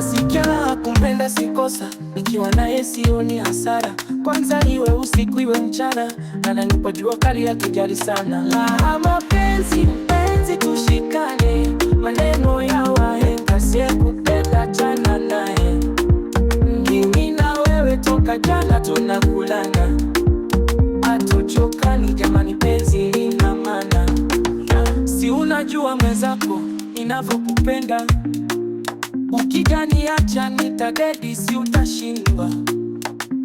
sikia, kumpenda sikosa, nikiwa naye sioni hasara. Kwanza iwe usiku iwe mchana, ananipa jua kali ya kijali sana. La mapenzi mpenzi, tushikane, maneno ya wahenga, sikupenda jana naye. Mimi na wewe toka jana tunakulana, hatuchokani jamani, penzi lina maana. Si unajua mwenzako inavyokupenda ukikaniacha nitadedi, si utashindwa?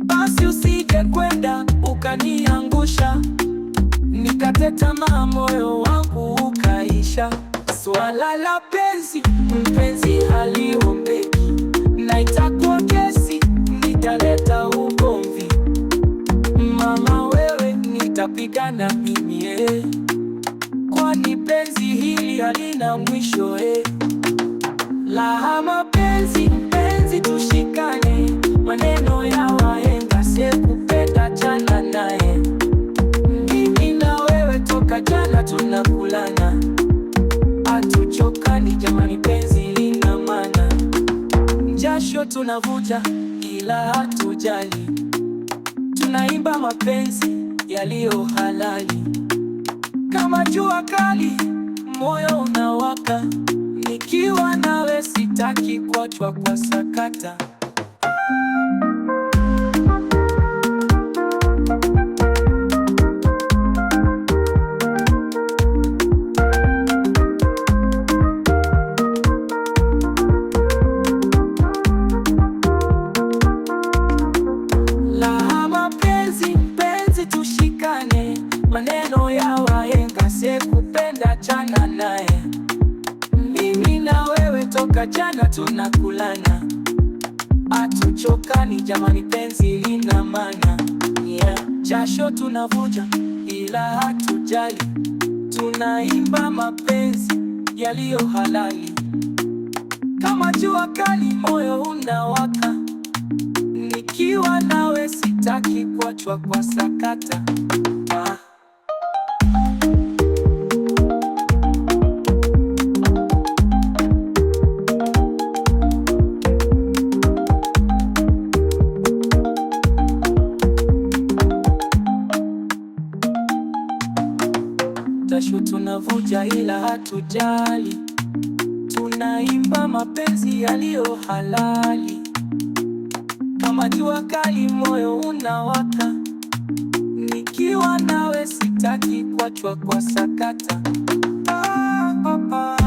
Basi usije kwenda ukaniangusha, nikate tamaa, moyo wangu ukaisha. Swala la penzi, mpenzi haliombeki, na itakuwa kesi, nitaleta ugomvi. Mama wewe, nitapigana mimi eh, kwani penzi hili halina mwisho eh laha mapenzi, penzi tushikane, maneno ya wahenga, sikupenda jana naye, mimi na wewe toka jana tunakulana, hatuchokani jamani, penzi lina maana, jasho tunavuja ila hatujali, tunaimba mapenzi yaliyo halali, kama jua kali, moyo unawaka Nikiwa nawe sitaki kuachwa kwa sakata. mapenzi tushikane, maneno ya wahenga, sikupenda, chana naye toka jana tunakulana, atuchokani jamani, penzi lina maana yeah. Jasho tunavuja ila hatujali, tunaimba mapenzi yaliyo halali. Kama jua kali, moyo unawaka, nikiwa nawe sitaki kuachwa kwa sakata. utashu tunavuja, ila hatujali, tunaimba mapenzi yaliyo halali. Kama jua kali, moyo unawaka, nikiwa nawe sitaki kuachwa kwa sakata. Ah, papa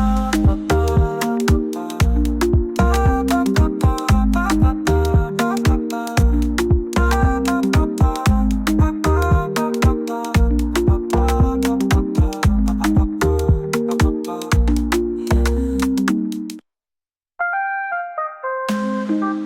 Thank you.